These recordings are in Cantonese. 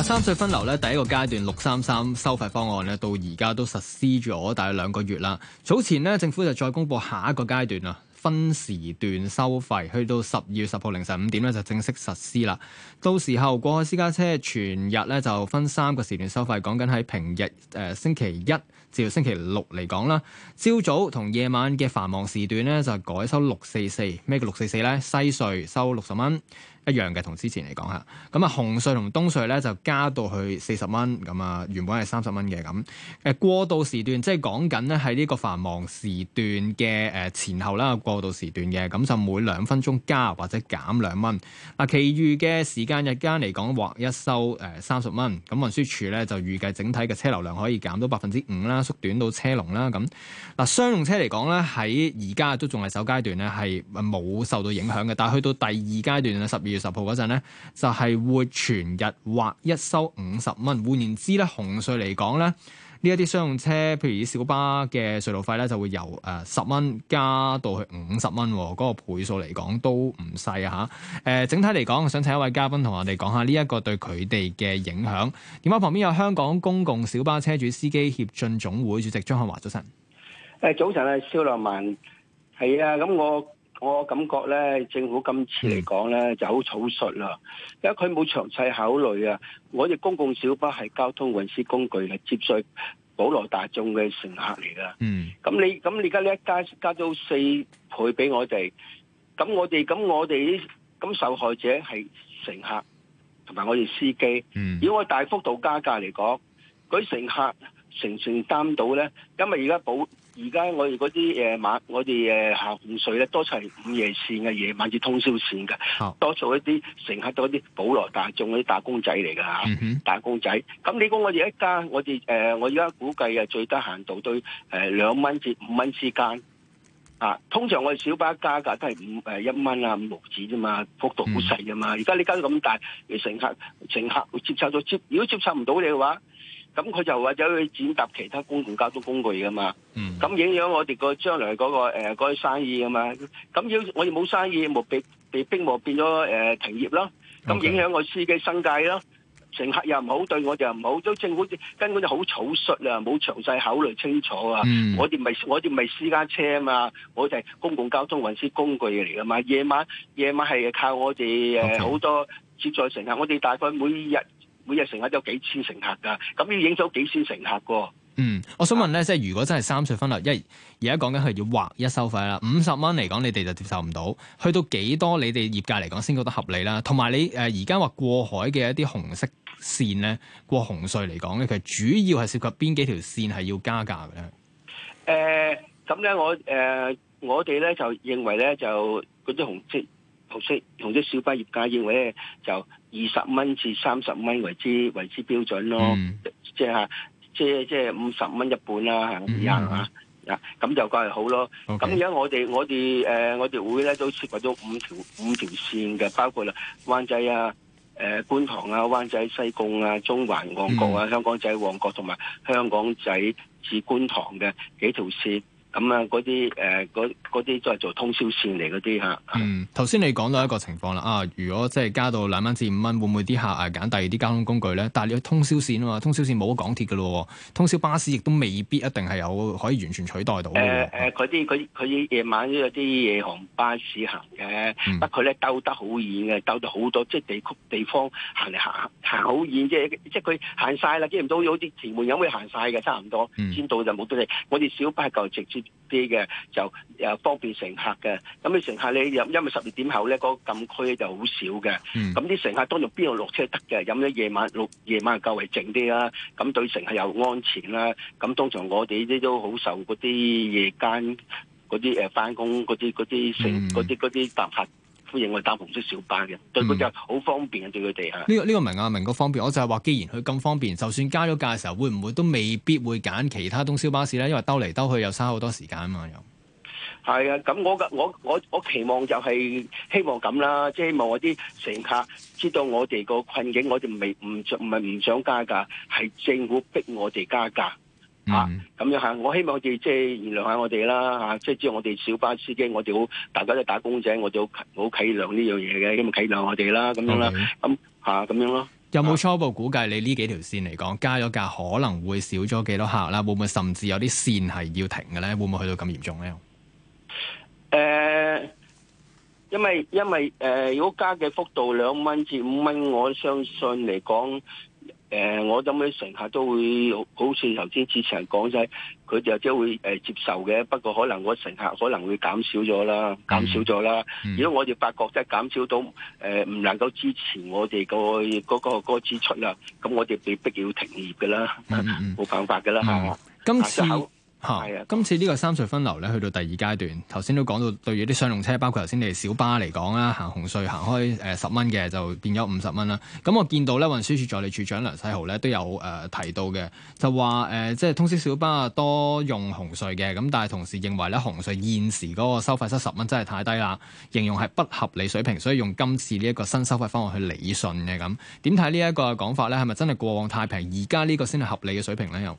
三隧分流咧，第一個階段六三三收費方案咧，到而家都實施咗大約兩個月啦。早前呢政府就再公布下一個階段啦，分時段收費，去到十二月十號凌晨五點咧就正式實施啦。到時候過海私家車全日咧就分三個時段收費，講緊喺平日誒星期一至到星期六嚟講啦，朝早同夜晚嘅繁忙時段咧就改收六四四，咩叫六四四咧？西隧收六十蚊。一樣嘅同之前嚟講下，咁啊，紅隧同東隧咧就加到去四十蚊，咁啊原本係三十蚊嘅咁。誒過渡時段即係講緊咧喺呢個繁忙時段嘅誒前後啦，過渡時段嘅咁就每兩分鐘加或者減兩蚊。嗱，其餘嘅時間日間嚟講劃一收誒三十蚊。咁運輸署咧就預計整體嘅車流量可以減到百分之五啦，縮短到車龍啦。咁嗱，商用車嚟講咧喺而家都仲係首階段咧係冇受到影響嘅，但係去到第二階段咧十二月。十號嗰陣咧，就係、是、會全日劃一收五十蚊。換言之咧，紅隧嚟講咧，呢一啲商用車，譬如小巴嘅隧道費咧，就會由誒十蚊加到去五十蚊。嗰、那個倍數嚟講都唔細啊吓。誒，整體嚟講，想請一位嘉賓同我哋講下呢一個對佢哋嘅影響。電話旁邊有香港公共小巴車主司機協進總會主席張漢華早晨。誒，早晨蕭啊，蕭立文。係啊，咁我。我感覺咧，政府今次嚟講咧就好草率啦，因為佢冇詳細考慮啊。我哋公共小巴係交通運輸工具嚟，接載普羅大眾嘅乘客嚟㗎。嗯，咁你咁你而家呢一加加咗四倍俾我哋，咁我哋咁我哋咁受害者係乘客同埋我哋司機。如、嗯、果大幅度加價嚟講，嗰啲乘客承唔承擔到咧？因為而家保而家我哋嗰啲誒晚，我哋誒下午睡咧，多數係午夜線嘅夜晚至通宵線嘅，oh. 多數一啲乘客都一啲普羅大眾嗰啲打工仔嚟㗎嚇，mm -hmm. 打工仔。咁你講我哋一家，我哋誒、呃，我而家估計啊，最低限度都誒兩蚊至五蚊之間啊。通常我哋小巴加價都係五誒一蚊啊，五毫子啫嘛，幅度好細㗎嘛。而、mm -hmm. 家你加咁大，乘客乘客會接受到接，如果接受唔到你嘅話。咁佢就或者去剪搭其他公共交通工具噶嘛，咁、嗯、影響我哋、嗰個將來嗰個嗰啲生意㗎嘛，咁要我哋冇生意，冇被被逼冇變咗、呃、停業咯，咁影響我司機生計咯，乘客又唔好對我哋又唔好，都政府根本就好草率啦、啊，冇詳細考慮清楚啊，嗯、我哋唔係我哋唔係私家車啊嘛，我哋係公共交通運輸工具嚟噶嘛，夜晚夜晚係靠我哋誒好多接載乘客，我哋大概每日。每日乘客都有幾千乘客噶，咁要影咗幾千乘客噶。嗯，我想問咧，即係如果真係三隧分流，因為而家講緊係要劃一收費啦，五十蚊嚟講，你哋就接受唔到，去到幾多，你哋業界嚟講先覺得合理啦。同埋你誒而家話過海嘅一啲紅色線咧，過紅隧嚟講咧，其實主要係涉及邊幾條線係要加價嘅咧？誒、呃，咁咧、呃，我誒我哋咧就認為咧，就嗰啲紅色。好識同啲小巴業界認為呢，就二十蚊至三十蚊為之為之標準咯，嗯、即係即係即係五十蚊一半啦，啊，係咁樣啊，啊，咁，嗯、就梗係好咯。咁而家我哋我哋誒，呃、我哋會咧都設立咗五條五條線嘅，包括啦灣仔啊、誒、呃、觀塘啊、灣仔西貢啊、中環旺角啊、嗯、香港仔旺角同埋香港仔至觀塘嘅幾條線咁、嗯、啊，嗰啲誒，嗰、呃、啲都係做通宵線嚟嗰啲嚇。嗯，頭先你講到一個情況啦，啊，如果即係加到兩蚊至五蚊，會唔會啲客誒揀第二啲交通工具咧？但係你通宵線啊嘛，通宵線冇咗港鐵嘅咯，通宵巴士亦都未必一定係有可以完全取代到。誒、呃、誒，啲嗰佢夜晚都有啲夜航巴士行嘅、嗯，不過咧兜得好遠嘅，兜到好多即係地區地方行嚟行行好遠，即係即係佢行晒啦，接唔到好似前門有冇行晒嘅差唔多，先到就冇得你。我哋小巴夠直接。啲嘅就誒方便乘客嘅，咁啲乘客你入，因為十二點後咧，嗰禁區就好少嘅，咁啲乘客當場邊度落車得嘅，飲咗夜晚落夜晚較為靜啲啦，咁對乘客又安全啦，咁通常我哋啲都好受嗰啲夜間嗰啲誒，翻工嗰啲嗰啲成嗰啲嗰啲乘客。歡迎我搭紅色小巴嘅，對佢哋好方便，嗯、啊！對佢哋啊，呢個呢個明啊，明方便，我就係話，既然佢咁方便，就算加咗價嘅時候，會唔會都未必會揀其他通宵巴士咧？因為兜嚟兜去又嘥好多時間啊嘛，又係啊！咁我我我我期望就係希望咁啦，即係希望啲乘客知道我哋個困境，我哋未唔唔唔係唔想加價，係政府逼我哋加價。Mm-hmm. 啊，咁樣吓，我希望我哋即係原諒下我哋啦，吓、啊，即係知道我哋小巴司機，我哋好，大家都打工仔，我哋好，好體諒呢樣嘢嘅，咁咪體諒我哋啦，咁、啊、樣啦，咁吓，咁樣咯。有冇初步估計？你呢幾條線嚟講，加咗價可能會少咗幾多客啦？會唔會甚至有啲線係要停嘅咧？會唔會去到咁嚴重咧？誒、呃，因為因為誒、呃，如果加嘅幅度兩蚊至五蚊，我相信嚟講。誒、呃，我諗啲乘客都會好似頭先之前講晒，佢就即會、呃、接受嘅。不過可能我乘客可能會減少咗啦，減少咗啦。如、嗯、果我哋發覺即係減少到誒唔能夠支持我哋、嗰個嗰、嗰個嗰支出啦，咁我哋被逼要停業嘅啦，冇、嗯嗯、辦法嘅啦，係、嗯、嘛？今次。嚇！今次呢個三稅分流咧，去到第二階段，頭先都講到對於啲商用車，包括頭先你哋小巴嚟講啦，行紅隧行開、呃、十蚊嘅，就變咗五十蚊啦。咁我見到咧，運輸署助理署長梁世豪咧都有、呃、提到嘅，就話、呃、即係通宵小巴多用紅隧嘅，咁但係同時認為咧紅隧現時嗰個收費係十蚊真係太低啦，形容係不合理水平，所以用今次呢一個新收費方案去理順嘅咁。點睇呢一個講法咧？係咪真係過往太平，而家呢個先係合理嘅水平咧？又？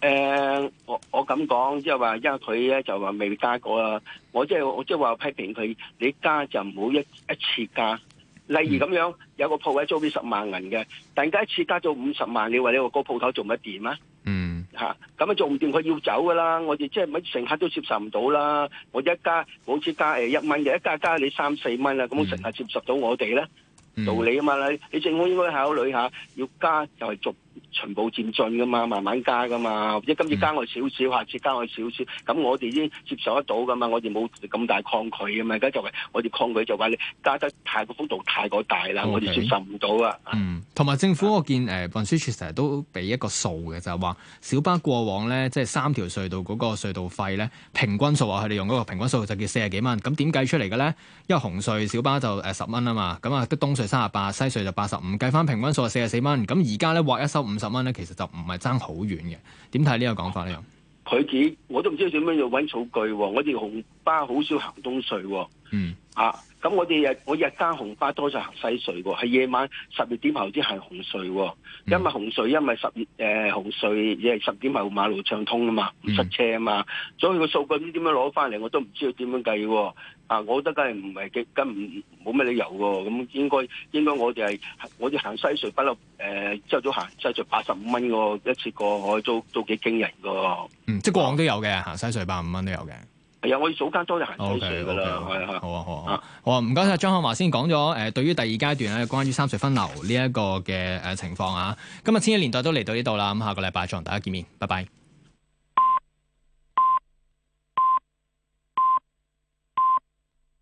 誒、嗯，我我咁講，即係話，因為佢咧就話未加過啦。我即、就、係、是、我即係話批評佢，你加就唔好一一次加。例如咁樣、嗯，有個鋪位租俾十萬人嘅，突然間一次加咗五十萬，你話你個鋪頭做乜掂啊？嗯，吓咁啊做唔掂，佢要走噶啦。我哋即係乜乘客都接受唔到啦。我一加，好似加誒一蚊嘅，一加加你三四蚊啦，咁乘客接受到我哋咧、嗯嗯？道理啊嘛啦，你政府應該考慮下，要加就係逐。循步漸進噶嘛，慢慢加噶嘛，即今次加我少少，下次加我少少，咁我哋已經接受得到噶嘛，我哋冇咁大抗拒噶嘛，咁就係、是、我哋抗拒就話你加得太個幅度太過大啦，okay. 我哋接受唔到啊。同、嗯、埋政府我見誒運輸署成日都俾一個數嘅，就係、是、話小巴過往呢，即係三條隧道嗰個隧道費呢，平均數話佢哋用嗰個平均數就叫四十幾蚊。咁點計出嚟嘅呢？因為紅隧小巴就誒十蚊啊嘛，咁啊啲東隧三十八，西隧就八十五，計翻平均數係四十四蚊。咁而家呢，劃一收五。十蚊咧，其實就唔係爭好遠嘅。點睇呢個講法咧？佢自己我都唔知佢點樣要揾數據、哦。我哋紅巴好少行東隧、哦。嗯。啊，咁我哋日我日間紅巴多就行西隧喎、哦，係夜晚十二點後先行紅隧。因為紅隧，因為十二誒、呃、紅隧，因為十點後馬路暢通啊嘛，唔塞車啊嘛、嗯，所以個數據點點樣攞翻嚟，我都唔知道點樣計、哦。啊！我覺得梗係唔係幾跟冇咩理由喎？咁應該應該我哋係我哋行西隧不嬲，誒朝早行西隧八十五蚊喎，一次過，我都都幾驚人噶喎！嗯，即係過往都有嘅行西隧八十五蚊都有嘅。係啊，我早間都係行西隧㗎啦。好啊好啊好啊！好啊！唔該晒張漢華先講咗誒，對於第二階段咧，關於三隧分流呢一個嘅誒情況啊。今日千禧年代都嚟到呢度啦，咁下個禮拜再同大家見面，拜拜。